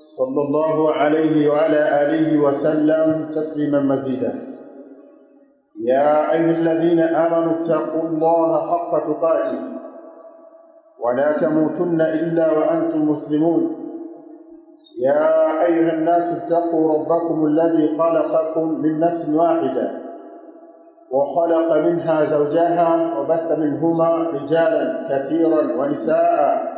صلى الله عليه وعلى آله وسلم تسليما مزيدا يا أيها الذين آمنوا اتقوا الله حق تقاته ولا تموتن إلا وأنتم مسلمون يا أيها الناس اتقوا ربكم الذي خلقكم من نفس واحدة وخلق منها زوجها وبث منهما رجالا كثيرا ونساء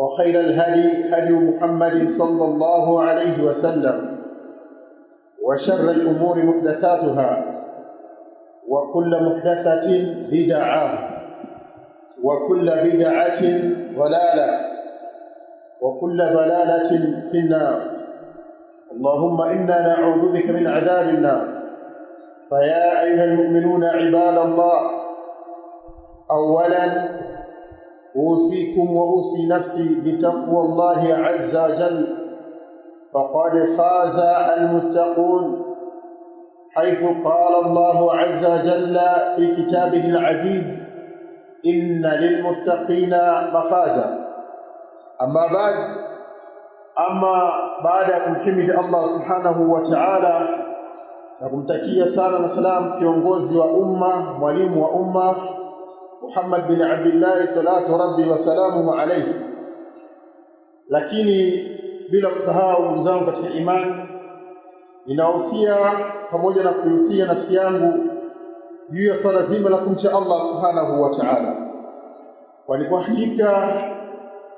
وخير الهدي هدي محمد صلى الله عليه وسلم وشر الأمور محدثاتها وكل محدثة بدعة وكل بدعة ضلالة وكل ضلالة في النار اللهم إنا نعوذ بك من عذاب النار فيا أيها المؤمنون عباد الله أولا أوصيكم وأوصي نفسي بتقوى الله عز وجل فقد فاز المتقون حيث قال الله عز وجل في كتابه العزيز إن للمتقين مفازا أما بعد أما بعد أن حمد الله سبحانه وتعالى ta'ala تكيه kumtakia sana كيونغوزي وأمة وليم وأمة Muhammad bin Abdullah salatu rabbi wa salamu alayhi. Lakini bila kusahau ndugu zangu katika imani, ninahusia pamoja na kuhusia nafsi yangu juu ya swala zima la kumcha Allah subhanahu wa ta'ala, kwani kwa hakika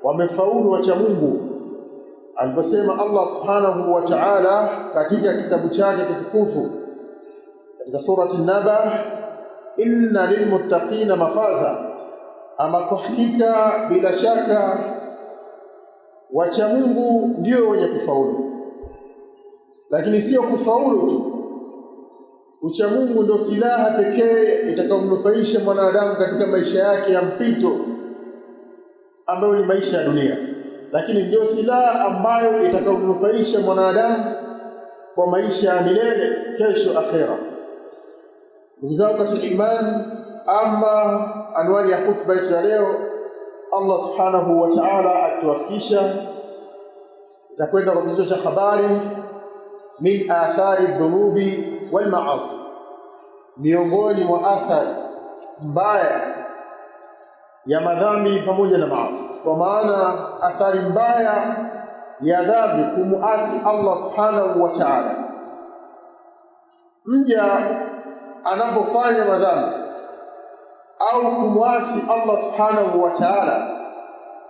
wamefaulu wacha Mungu aliposema Allah subhanahu wa ta'ala katika kitabu chake kitukufu katika surati Naba inna lilmuttaqina mafaza, ama kwa hakika bila shaka wacha Mungu ndio wenye kufaulu. Lakini sio kufaulu tu, ucha Mungu ndio silaha pekee itakayomnufaisha mwanadamu katika maisha yake ya mpito ambayo ni maisha ya dunia, lakini ndio silaha ambayo itakayomnufaisha mwanadamu kwa maisha ya milele, kesho akhera. Ndugu zangu katika imani, ama anwani ya hutuba yetu ya leo, Allah subhanahu wa ta'ala akiwafikisha itakwenda kwa kichwa cha habari min athari dhunubi walmaasi miongoni mwa athari mbaya ya madhambi pamoja na maasi. Kwa maana athari mbaya ya dhambi kumuasi Allah subhanahu wa ta'ala mja anapofanya madhambi au kumwasi Allah subhanahu wa ta'ala,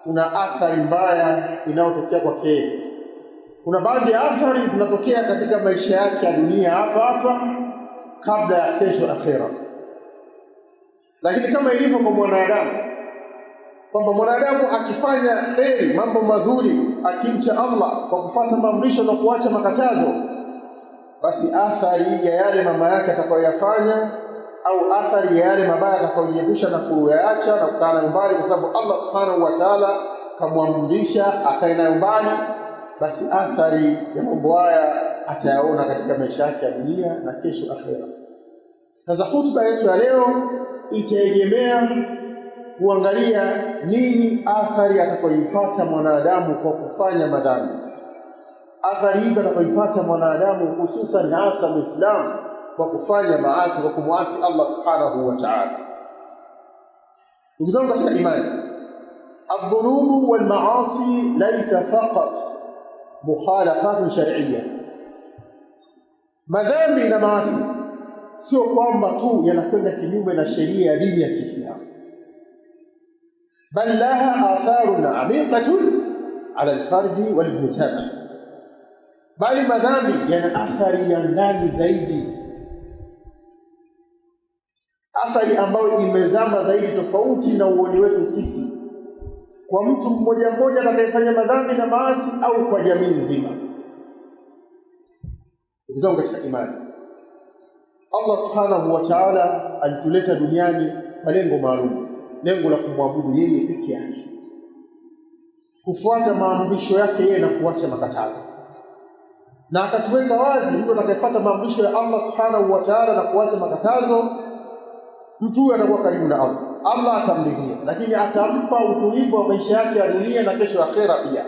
kuna athari mbaya inayotokea kwake. Kuna baadhi ya athari zinatokea katika maisha yake ya dunia hapa hapa kabla ya kesho akhera. Lakini kama ilivyo kwa mwanadamu, kwamba mwanadamu akifanya kheri, mambo mazuri, akimcha Allah kwa kufuata maamrisho na kuacha makatazo basi athari ya yale mama yake atakayoyafanya au athari ya yale mabaya atakayojiepusha na kuyaacha na kukaa nayo mbali, kwa sababu Allah subhanahu wa taala kamwamrisha akae nayo mbali, basi athari ya mambo haya atayaona katika maisha yake ya dunia na kesho akhera. Sasa hutuba yetu ya leo itaegemea kuangalia nini athari atakayoipata mwanadamu kwa kufanya madhambi. athari hizo atakaipata mwanadamu hususan hasa Muislamu kwa kufanya maasi kwa kumwasi Allah subhanahu wa ta'ala. Ndugu zangu katika imani, adh-dhunubu wal ma'asi laysa faqat mukhalafatun shar'iyya, madhambi na maasi sio kwamba tu yanakwenda kinyume na sheria ya dini ya Kiislamu, bal laha atharun amiqatun ala al-fardi bali madhambi yana athari ya ndani zaidi, athari ambayo imezama zaidi, tofauti na uoni wetu sisi, kwa mtu mmoja mmoja atakayefanya madhambi na maasi au kwa jamii nzima. Ndugu zangu katika imani, Allah subhanahu wa ta'ala alituleta duniani kwa lengo maalum, lengo la kumwabudu yeye peke yake, kufuata maamrisho yake yeye na kuacha makatazo na akatuweka wazi mtu atakayefuata maamrisho ya Allah subhanahu wa ta'ala na kuacha makatazo, mtu huyo atakuwa karibu na Allah. Allah atamlihia lakini atampa utulivu wa maisha yake ya dunia na kesho ya akhera pia.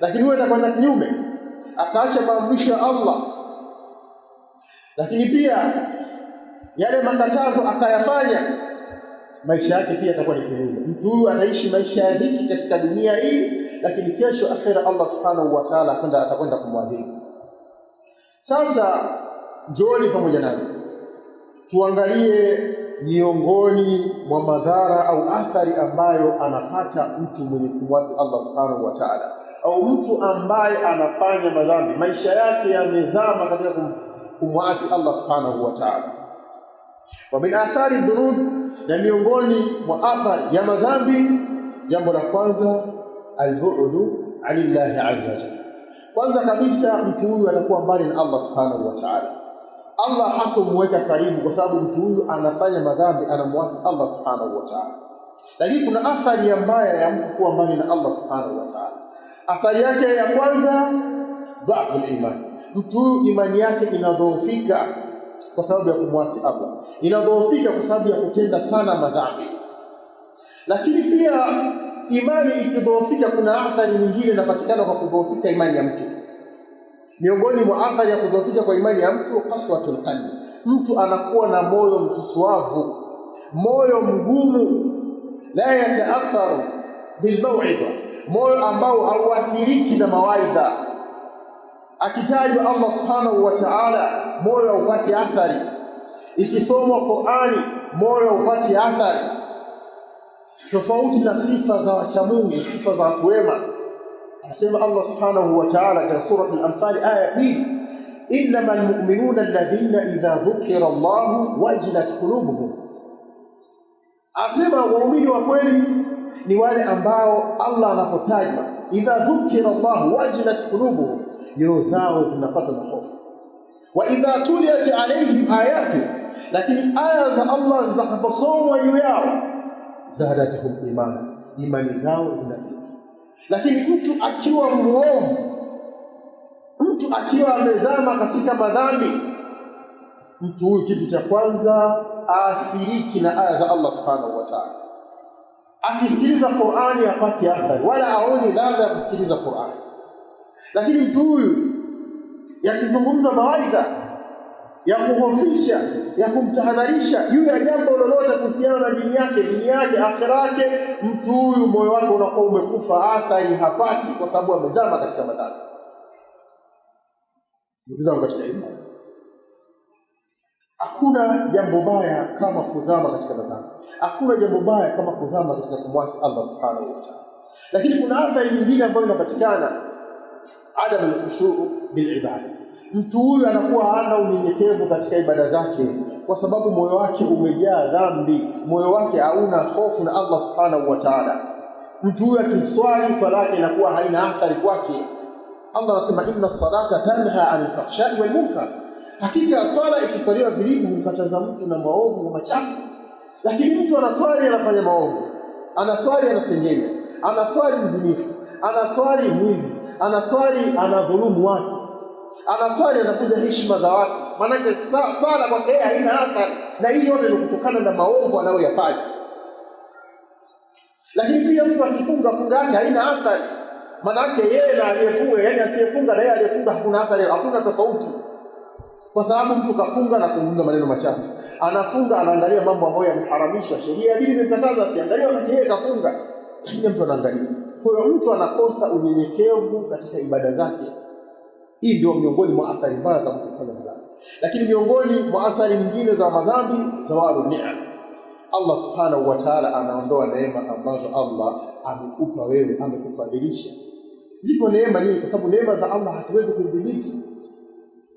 Lakini huyo atakwenda kinyume, akaacha maamrisho ya Allah, lakini pia yale makatazo akayafanya, maisha yake pia atakuwa ni kinyume. Mtu huyu ataishi maisha ya dhiki katika dunia hii lakini kesho akhera Allah subhanahu wa ta'ala kwenda atakwenda kumwadhibu. Sasa joli pamoja nami tuangalie miongoni mwa madhara au athari ambayo anapata mtu mwenye kumwasi Allah subhanahu wa ta'ala au mtu ambaye anafanya madhambi, maisha yake yamezama katika kumwasi Allah subhanahu wa ta'ala. Wa min athari dhunub, na miongoni mwa athari ya madhambi, jambo la kwanza albu'du anillahi azza wajalla. Kwanza kabisa mtu huyu anakuwa mbali na Allah subhanahu wa ta'ala. Allah hatomweka karibu, kwa sababu mtu huyu anafanya madhambi, anamwasi Allah subhanahu wa ta'ala. Lakini kuna athari mbaya ya mtu kuwa mbali na Allah subhanahu wa ta'ala. Athari yake ya kwanza, dhafu iman mtu huyu imani yake inadhoofika kwa sababu ya kumwasi Allah, inadhoofika kwa sababu ya kutenda sana madhambi. Lakini pia imani ikidhoofika, kuna athari nyingine inapatikana kwa kudhoofika imani ya mtu. Miongoni mwa athari ya kudhoofika kwa imani ya mtu, qaswatul qalbi, mtu anakuwa na moyo msusuavu, moyo mgumu, la yataatharu bilmauidha, moyo ambao hauathiriki na mawaidha. Akitajwa Allah subhanahu wa ta'ala, moyo haupati athari. Ikisomwa Qur'ani, moyo haupati athari tofauti na sifa za wachamungu, sifa za kuwema wema. Anasema Allah subhanahu wa ta'ala katika sura Al-Anfal aya hii, innama almu'minuna alladhina idha dhukira Allahu wajilat qulubuhum, asema waumini wa kweli ni wale ambao Allah anapotajwa, idha dhukira Allahu wajilat qulubuhum, nyoyo zao zinapata na hofu. Wa idha tuliyat alaihim ayatu, lakini aya za Allah zitakaposomwa juu yao zadatuhum imana, imani zao zinazidi. Lakini mtu akiwa mwovu, mtu akiwa amezama katika madhambi, mtu huyu kitu cha kwanza aathiriki na aya za Allah subhanahu wa ta'ala. Akisikiliza Qur'ani apate athari, wala aone ladha ya kusikiliza Qur'ani. Lakini mtu huyu yakizungumza mawaidha ya kuhofisha ya kumtahadharisha juu ya jambo lolote kuhusiana na dini yake, dini yake, akhera yake, mtu huyu moyo wake unakuwa umekufa, athari hapati, kwa sababu amezama katika madhara. Ndugu zangu katika imani, hakuna jambo baya kama kuzama katika madhara, hakuna jambo baya kama kuzama katika kumwasi Allah subhanahu wa ta'ala, lakini kuna athari nyingine ambayo inapatikana, adamu bil bilibada Mtu huyu anakuwa hana unyenyekevu katika ibada zake, kwa sababu moyo wake umejaa dhambi, moyo wake hauna hofu na Allah subhanahu wa taala. Mtu huyu akiswali swala yake inakuwa haina athari kwake. Allah anasema inna salata tanha anil fahshai wal munkar, hakika swala ikiswaliwa vilivyo humkataza mtu na maovu na machafu. Lakini mtu anaswali anafanya maovu, anaswali anasengenya, anaswali mzinifu, anaswali mwizi, anaswali anadhulumu watu anaswali anakuja heshima za watu, maanake sala kwake yeye haina athari, na hii yote ni kutokana na maovu anayoyafanya. Lakini pia mtu akifunga funga yake haina athari, maanake yeye na aliyefunga, yani asiyefunga na yeye aliyefunga, hakuna athari, hakuna tofauti, kwa sababu mtu kafunga anazungumza maneno machafu, anafunga anaangalia mambo ambayo yameharamishwa, sheria ya dini imekataza asiangalie, wakati yeye kafunga, lakini mtu anaangalia. Kwa hiyo mtu anakosa unyenyekevu katika ibada zake. Hii ndio miongoni mwa athari mbaya za kufanya kizazi. Lakini miongoni mwa athari nyingine za madhambi, zawalu nia Allah subhanahu wa ta'ala anaondoa neema ambazo Allah amekupa wewe, amekufadhilisha. Ziko neema nyingi, kwa sababu neema za Allah hatuwezi kudhibiti.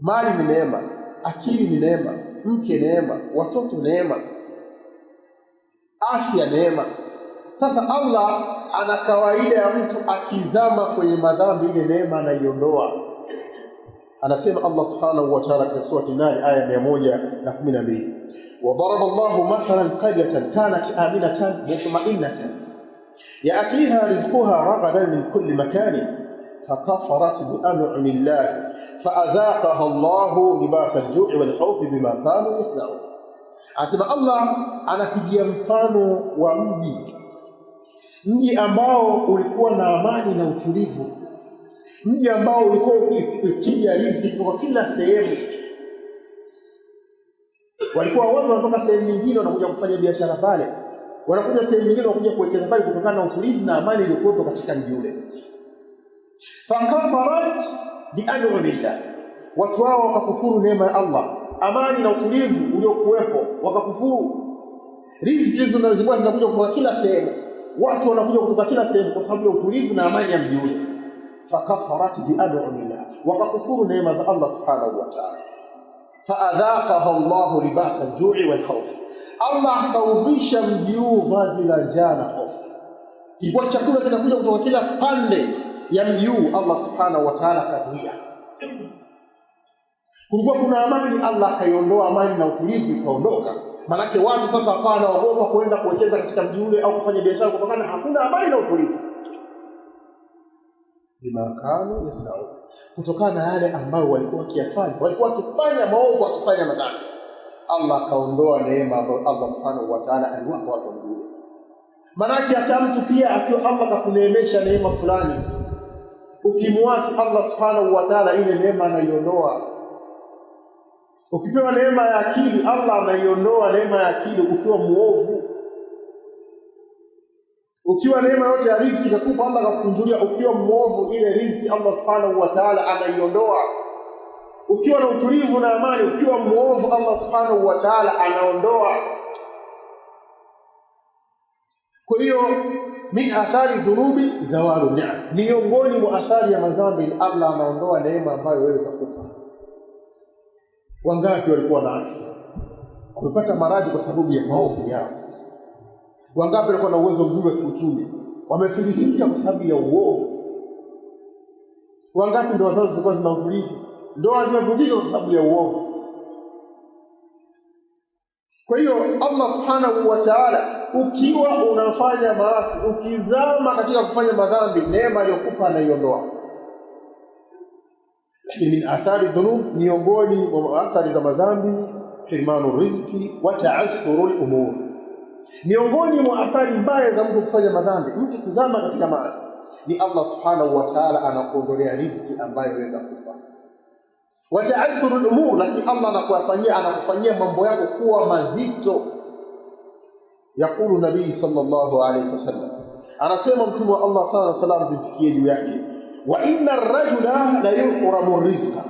Mali ni neema, akili ni neema, mke neema, watoto neema, afya neema. Sasa Allah ana kawaida ya mtu akizama kwenye madhambi, ile neema anaiondoa anasema Allah subhanahu wa ta'ala katika surati Nali aya mia moja na kumi na mbili wadaraba Allahu mathalan qaryatan kanat aminatan mutmainatan ya'tiha rizquha ragadan min kulli makanin فكفرت بأنعم الله فأذاقها الله لباس الجوع والخوف بما كانوا يصنعون anasema Allah anapigia mfano wa mji mji ambao ulikuwa na amani na utulivu mji ambao ulikuwa ukija riziki kutoka kila sehemu. Walikuwa watu wanatoka sehemu nyingine wanakuja kufanya biashara pale, wanakuja sehemu nyingine wanakuja kuwekeza pale, kutokana na utulivu na amani iliyokuwepo katika mji ule. fakafarat bianamillah, watu hao wakakufuru neema ya Allah, amani na utulivu uliokuwepo wakakufuru. Riziki hizo zinazokuwa zinakuja kutoka kila sehemu, watu wanakuja kutoka kila sehemu kwa sababu ya utulivu na amani ya mji ule fakatharat bianumillah, wakakufuru neema za Allah subhanahu wa taala. Faadhaqaha llahu libasa ljui walkhaufi, Allah akauvisha mji huu vazi la njaa na hofu. Ilikuwa chakula kinakuja kutoka kila pande ya mji huu, Allah subhanahu wa taala akazuia. Kulikuwa kuna amani, Allah akaiondoa amani na utulivu ukaondoka. Maanake watu sasa hapana, waogopa kuenda kuwekeza katika mji ule au kufanya biashara kutokana hakuna amani na utulivu makano kanu yasnaun, kutokana na yale ambayo walikuwa wakiyafanya. Walikuwa wakifanya maovu, wakifanya madhambi. Allah akaondoa neema ambayo Allah subhanahu wa taala aliwapa watu wengine. Maanake hata mtu pia akiwa Allah kakuneemesha neema fulani, ukimwasi Allah subhanahu wa taala, ile neema anaiondoa Ukipewa neema ya akili Allah anaiondoa neema ya akili ukiwa muovu. Ukiwa neema yote ya riziki itakupa Allah akakunjulia ukiwa mwovu ile riziki Allah subhanahu wa taala anaiondoa. Ukiwa na utulivu na amani, ukiwa mwovu Allah subhanahu wa taala anaondoa. Kwa hiyo min athari dhunubi zawalu ni'am, ni miongoni mwa athari ya madhambi Allah anaondoa neema ambayo wewe utakupa. Wangapi walikuwa na afya wamepata maradhi kwa sababu ya maovu yao? Wangapi walikuwa na uwezo mzuri wa kiuchumi wamefilisika kwa sababu ya uovu? Wangapi ndoa zao zilikuwa zinavurika? Ndoa zimevurika kwa sababu ya uovu. Kwa hiyo Allah subhanahu wa taala, ukiwa unafanya maasi, ukizama katika kufanya madhambi, neema aliyokupa anaiondoa. Lakini min athari dhunub, miongoni mwa athari za madhambi, hirmanu riziki wa taassuru lumur Miongoni mwa athari mbaya za mtu kufanya madhambi, mtu kuzama katika maasi, ni Allah subhanahu wa ta'ala anakuondolea riziki ambayo wewe kufa Wataasuru lumur, lakini Allah anakuwafanyia anakufanyia mambo yako kuwa mazito. Yakulu nabii sallallahu alayhi wasallam, anasema mtume wa Allah sala salam zimfikie juu yake, wa inna rajula la yuhramu rizqa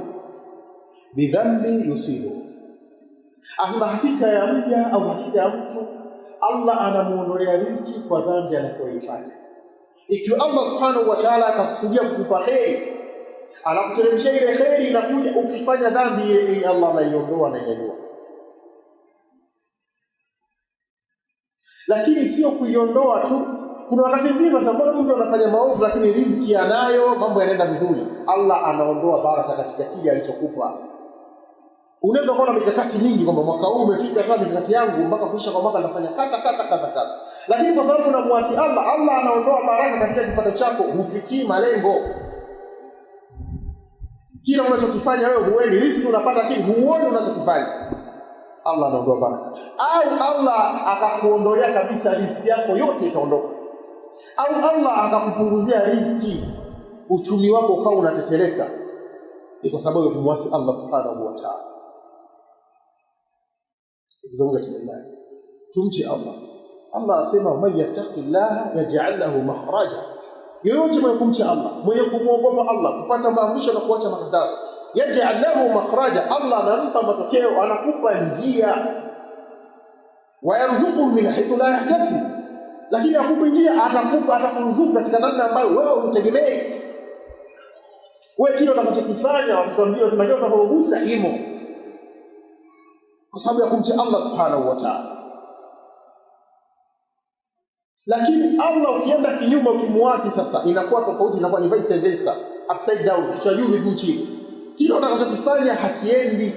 bidhambi yusibu, asema ah, hakika ya mja au hakika ya mtu Allah anamuondolea riziki kwa dhambi anapoifanya. Ikiwa Allah subhanahu wa ta'ala akakusudia kukupa heri, anakuteremshia ile heri, inakuja ukifanya dhambi ile ile, Allah anaiondoa na inajua. Lakini sio kuiondoa tu. Kuna wakati mwingine, kwa sababu mtu anafanya maovu, lakini riziki anayo, mambo yanaenda vizuri, Allah anaondoa baraka katika kile alichokupa unaweza kuona mikakati mingi kwamba mwaka huu umefika sana mikakati yangu mpaka kuisha kwa mwaka nafanya kata kata kata kata, lakini kwa sababu unamwasi Allah, Allah anaondoa baraka katika kipato chako, hufikii malengo. Kila unachokifanya wewe huendi riziki unapata, lakini huoni unachokifanya. Allah anaondoa baraka, au Allah akakuondolea kabisa riziki yako yote ikaondoka, au Allah akakupunguzia riziki, uchumi wako ukawa unateteleka Ni kwa sababu ya kumwasi Allah subhanahu wa ta'ala ndugu zangu katika imani tumche Allah. Allah asema man yattaqillaha yaj'al lahu makhraja, yoyote mwenye kumcha Allah, mwenye kumwogopa Allah, kufuata maamrisho na kuacha makatazo, yaj'al lahu makhraja, Allah anampa matokeo, anakupa njia, wayarzuku min haythu la yahtasib, lakini akupe njia, atakupa atakuruzuku katika namna ambayo wewe hutegemei. Wewe kile utakachokifanya, watoto ambao unasema kile utakachogusa imo kwa sababu ya kumcha Allah subhanahu wa ta'ala. Lakini Allah ukienda kinyume, ukimwasi, sasa inakuwa tofauti, inakuwa ni vice versa, upside down, kichwa juu, miguu chini. kile utakachokifanya hakiendi,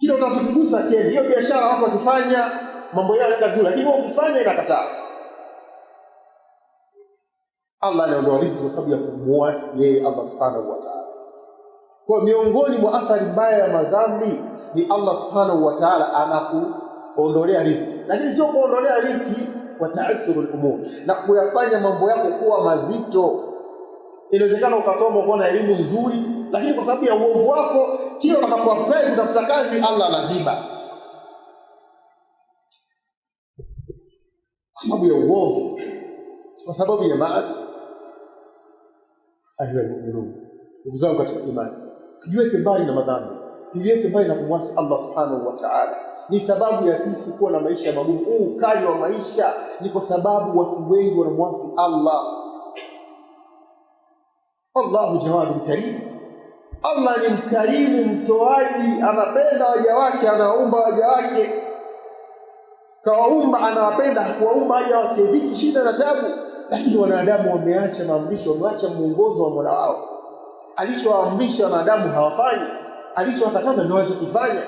kile utakachokugusa hakiendi. Hiyo biashara wako wakifanya mambo yao yanaenda zuri, lakini wewe ukifanya inakataa. Allah anaondoa riziki kwa sababu ya kumwasi yeye Allah subhanahu wa ta'ala. Kwa miongoni mwa athari mbaya ya madhambi ni Allah subhanahu wa ta'ala anakuondolea riziki, lakini sio kuondolea riziki kwa taasuru lumur na kuyafanya mambo yako kuwa mazito. Inawezekana ukasoma ukawa na elimu nzuri, lakini kwa sababu ya uovu wako kila utakapoapai kutafuta kazi Allah anaziba kwa sababu ya uovu, kwa sababu ya maasi. Ayuha lmuminun, ndugu zangu katika imani tujue mbali na madhambi, tujue mbali na kumwasi Allah subhanahu wa ta'ala. Ni sababu ya sisi kuwa na maisha magumu. Huu ukali wa maisha ni kwa sababu watu wengi wanamwasi Allah. Allahu jawadu karim, Allah ni mkarimu, mtoaji, anapenda waja wake, anawaumba waja wake, kawaumba, anawapenda, hakuwaumba haja watie dhiki, shida na tabu, lakini wanadamu wameacha maamrisho, wameacha mwongozo wa mola wao alichoamrisha wanadamu hawafanyi, alichowakataza ndio wanachokifanya.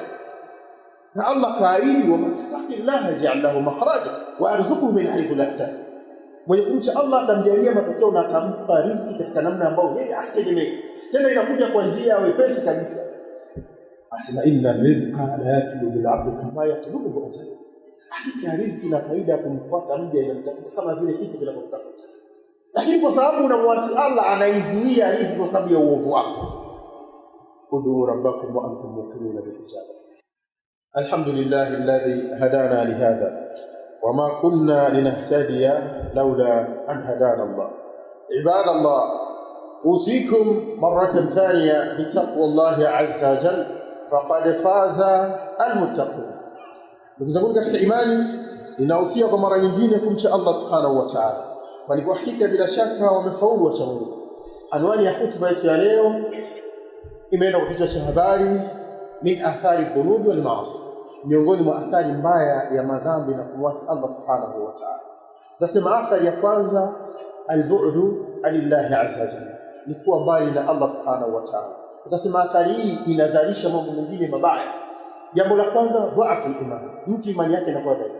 Na Allah kaahidi, waman yattaqi llaha yaj'al lahu makhraja wa yarzuquhu min haythu la yahtasib, mwenye kumcha Allah atamjalia matokeo na atampa riziki katika namna ambayo yeye hategemei, tena inakuja kwa njia ya wepesi kabisa. Asema inna rizqa la yatlubu bil abdi kama yatlubu ajal, hakika riziki na faida kumfuata mja inamtafuta kama vile kitu kinapomtafuta lakini kwa sababu unamwasi Allah anaizuia riziki kwa sababu ya uovu wako. uduu rabbakum wa antum muqinuna bilijaba. Alhamdulillahi alladhi hadana lihadha wama kunna linahtadiya laula an hadana Allah. Ibada Allah أوصيكم مرة ثانية بتقوى الله عز وجل فقد فاز المتقون. Ndugu zangu katika imani, ninahusia kwa mara nyingine kumcha Allah subhanahu wa ta'ala. bali kwa hakika bila shaka wamefaulu wacha Mungu. Anwani ya hutuba yetu ya leo imeenda kwa kichwa cha habari min athari dhunubi wal maasi, miongoni mwa athari mbaya ya madhambi na kumwasi Allah subhanahu wa ta'ala. Tunasema athari ya kwanza albu'du anillahi azza wa jalla, ni kuwa mbali na Allah subhanahu wa ta'ala. Tunasema athari hii inadharisha mambo mengine mabaya. Jambo la kwanza dhaifu imani, mtu imani yake inakuwa dhaifu,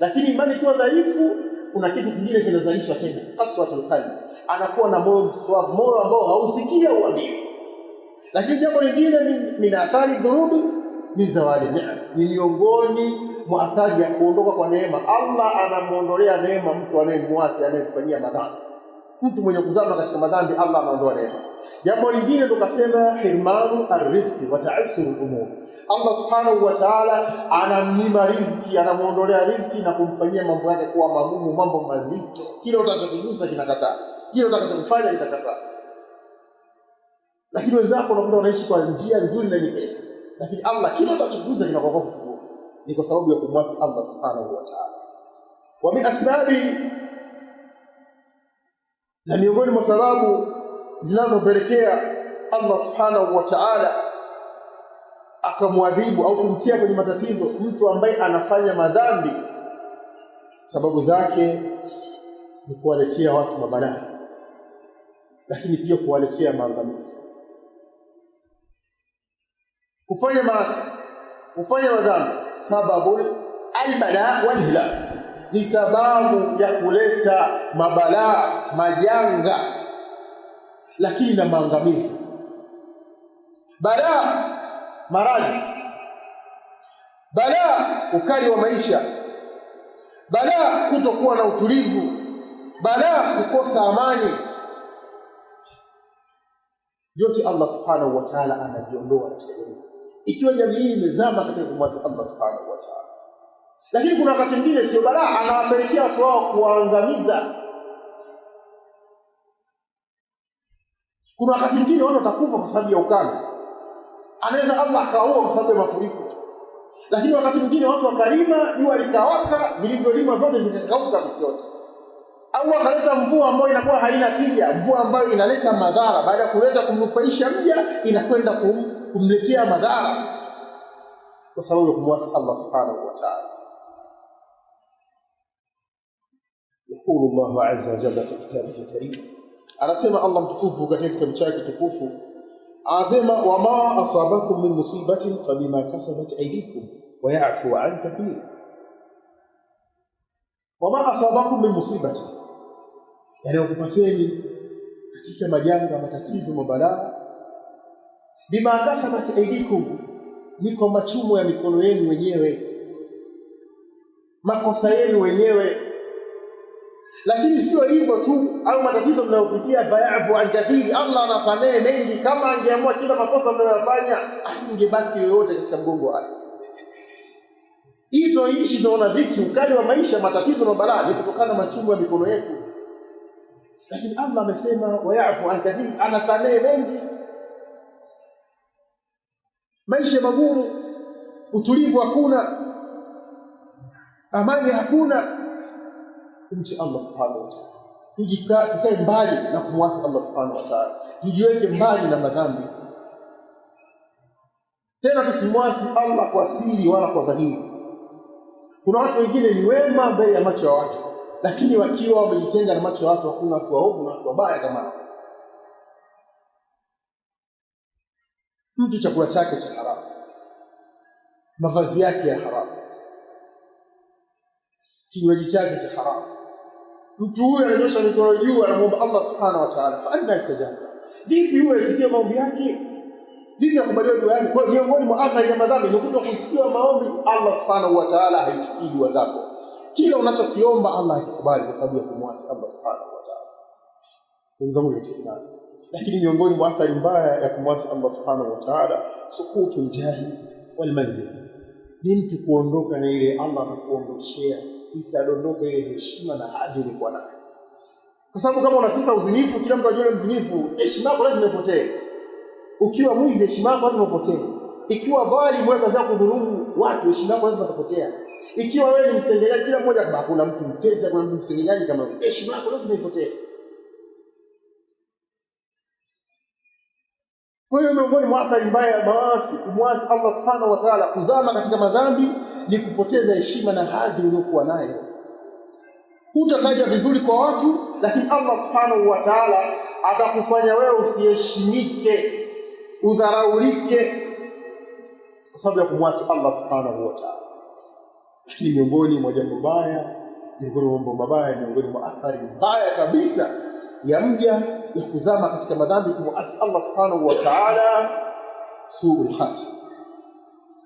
lakini imani ikiwa dhaifu kuna kitu kingine kinazalishwa tena, qaswatul qalbi, anakuwa na moyo wa moyo ambao hausikia uambiwe. Lakini jambo lingine min athari dhurubi ni zawadi neema, ni miongoni mwa athari ya kuondoka kwa neema. Allah anamwondolea neema mtu anayemwasi, anayemfanyia madhara mtu mwenye kuzama katika madhambi Allah anaondoa neema. Jambo lingine tukasema hirmanu arrizqi wa ta'assuru umur. Allah subhanahu wa ta'ala anamnyima riziki, anamuondolea riziki na kumfanyia mambo yake kuwa magumu, mambo mazito. Kile utakachokigusa kinakataa, kile utakachokufanya kitakataa. Lakini wenzako unakuta wanaishi kwa njia nzuri na nyepesi, lakini Allah kile utakachokigusa kinakuwa ni kwa sababu ya kumwasi Allah subhanahu wa ta'ala. Wa min asbabi na miongoni mwa sababu zinazopelekea Allah subhanahu wa ta'ala akamwadhibu au kumtia kwenye matatizo mtu ambaye anafanya madhambi, sababu zake ni kuwaletea watu mabalaa, lakini pia kuwaletea maangamizi. Kufanya maasi, kufanya madhambi, sababu albala walhilak ni sababu ya kuleta mabalaa, majanga, lakini na maangamivu. Balaa maradhi, balaa ukali wa maisha, balaa kutokuwa na utulivu, balaa kukosa amani, vyote Allah subhanahu wa taala anaviondoa katika jamii, ikiwa jamii imezama katika kumwasi Allah subhanahu wa taala. Lakini kuna wakati mwingine sio balaa, anawapelekea watu wao kuwaangamiza. Kuna wakati mwingine watu watakufa kwa sababu ya ukame, anaweza Allah akaua kwa sababu ya mafuriko. Lakini wakati mwingine watu wakalima, jua likawaka, vilivyolima vyote vikakauka visiote, au akaleta mvua ambayo inakuwa haina tija, mvua ambayo inaleta madhara. Baada ya kuleta kumnufaisha mja, inakwenda kum, kumletea madhara kwa sababu ya kumwasi Allah subhanahu wa ta'ala. Yaqulu Allahu azza wa jalla fi kitabihi karim, anasema Allah mtukufu katika kitabu chake tukufu anasema, wama من min musibatin fabima kasabat ويعفو عن كثير وما kathir. من asabakum min musibatin, yanayokupateni katika majanga, matatizo, mabalaa, bima kasabat aidikum ni kwa machumo ya mikono yenu wenyewe, makosa yenu wenyewe lakini sio hivyo tu au matatizo mnayopitia fayafu an kathiri, Allah anasamehe mengi. Kama angeamua kila makosa mnayofanya asingebaki yoyote katika mgongo wake. Hii tunaoishi tunaona dhiki, ukali wa maisha, matatizo na balaa ni kutokana na machungu ya mikono yetu, lakini Allah amesema wayafu an kathiri, anasamehe mengi. Maisha magumu, utulivu hakuna, amani hakuna kumche Allah subhanahu wa taala, tukae mbali na kumwasi Allah subhanahu wa taala, tujiweke mbali na madhambi. Tena tusimwasi Allah kwa siri wala kwa dhahiri. Kuna watu wengine ni wema mbele ya macho ya watu, lakini wakiwa wamejitenga na macho ya watu, hakuna watu waovu na watu wabaya kama mtu chakula chake cha haramu, mavazi yake ya haramu, kinywaji chake cha haramu mtu huyu ananyosha mikono juu anamwomba Allah subhanahu wa ta'ala, fa anna yastajab, vipi huyo aitikia maombi yake? Vipi akubaliwa dua yake? Kwa miongoni mwa adha ya madhambi ni kuto kuitikia maombi. Allah subhanahu wa ta'ala haitikii dua zako, kila unachokiomba Allah akikubali kwa sababu ya kumwasi Allah subhanahu wa ta'ala. Ndugu zangu nitikinani, lakini miongoni mwa athari mbaya ya kumwasi Allah subhanahu wa ta'ala sukutu ljahi walmanzila, ni mtu kuondoka na ile Allah anakuondoshea itadondoka ile heshima na hadhi ulikuwa nayo, kwa sababu kama una sifa uzinifu, kila mtu ajue mzinifu, heshima yako lazima ipotee. Ukiwa mwizi, heshima yako lazima ipotee. Ikiwa dhalimu, wewe kazi yako kudhulumu watu, heshima yako lazima ipotee. Ikiwa wewe ni msengenyaji, kila mmoja kama kuna mtu mtesi, kuna mtu msengenyaji kama wewe, heshima yako lazima ipotee. Kwa hiyo miongoni mwa athari mbaya ya maasi kumwasi Allah subhanahu wa ta'ala, kuzama katika madhambi ni kupoteza heshima na hadhi uliokuwa nayo. Hutataja vizuri kwa watu, lakini Allah subhanahu wa taala atakufanya wewe usiheshimike, udharaulike kwa sababu ya kumwasi Allah subhanahu wa taala. Lakini miongoni mwa jambo baya, miongoni mwa mambo mabaya, miongoni mwa athari mbaya kabisa ya mja ya kuzama katika madhambi kumwasi Allah subhanahu wa taala, suu lkhatima,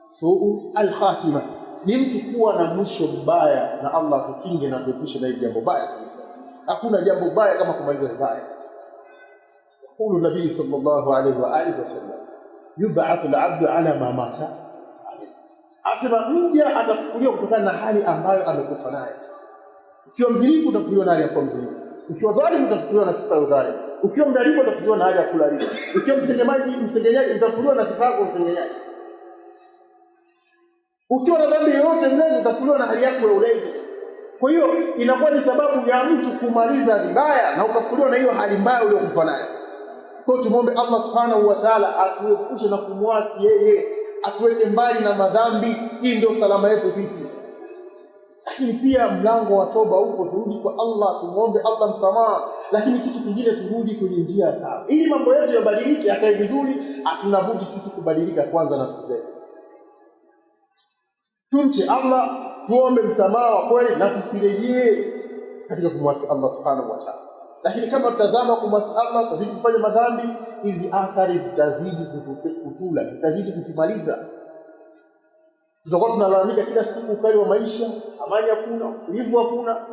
suu alkhatima ni mtu kuwa na mwisho mbaya, na Allah tukinge na tuepushe na hili jambo baya kabisa. Hakuna jambo baya kama kumaliza vibaya. Qulu nabii sallallahu alaihi wa alihi wasallam, yubathu labdu ala ma mata, asema mja atafukuliwa kutokana na hali ambayo amekufa naye. Ukiwa mzilifu utafukuliwa na hali ya kuwa mzinifu, ukiwa dhalimu utafukuliwa na sifa ya udhalimu, ukiwa mdarimu utafukuliwa na hali ya kudhalimu, ukiwa msengenyaji msengenyaji utafufuliwa na sifa ya kusengenyaji ukiwa na dhambi yoyote mlevi utafuliwa na hali yako ya ulevi. Kwa hiyo inakuwa ni sababu ya mtu kumaliza vibaya na ukafuliwa na hiyo hali mbaya uliyokufa nayo. Kwa hiyo tumwombe Allah subhanahu wa taala atuepushe na kumwasi yeye, atuweke mbali na madhambi. Hii ndio salama yetu sisi, lakini pia mlango wa toba upo, turudi kwa Allah, tumwombe Allah msamaha. Lakini kitu kingine, turudi kwenye njia sawa, ili mambo yetu yabadilike, yakae vizuri. Hatuna budi sisi kubadilika kwanza nafsi zetu. Tumche Allah, tuombe msamaha wa kweli na tusirejee katika kumwasi Allah subhanahu wa ta'ala. Lakini kama tutazama kumwasi Allah, tutazidi kufanya madhambi, hizi athari zitazidi kutula, zitazidi kutumaliza. Tutakuwa tunalalamika kila siku, ukali wa maisha, amani hakuna, utulivu hakuna,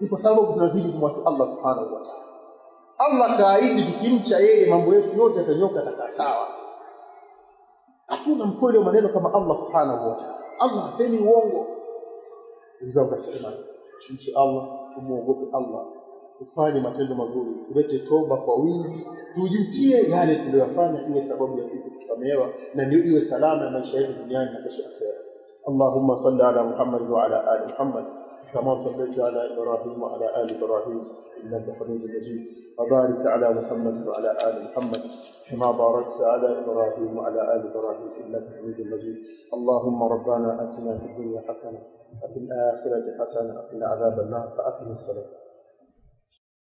ni kwa sababu tunazidi kumwasi Allah subhanahu wa ta'ala. Allah kaahidi tukimcha yeye, mambo yetu yote yatanyoka, takasawa sawa hakuna mkweli wa maneno kama Allah subhanahu wa ta'ala. Allah hasemi uongo. Ndugu zangu katika imani, tumche Allah, tumuogope Allah, tufanye matendo mazuri, tulete toba kwa wingi, tujutie yale tuliyofanya, iwe sababu ya sisi kusamehewa, na ndio iwe salama ya maisha yetu duniani na kesho akhera. Allahumma salli ala Muhammad wa ala ali Muhammad كما صليت على إبراهيم وعلى آل إبراهيم إنك حميد مجيد وبارك على محمد وعلى آل محمد كما باركت على إبراهيم وعلى آل إبراهيم إنك حميد مجيد اللهم ربنا آتنا في الدنيا حسنة وفي الآخرة حسنة وقنا عذاب النار فأقم الصلاة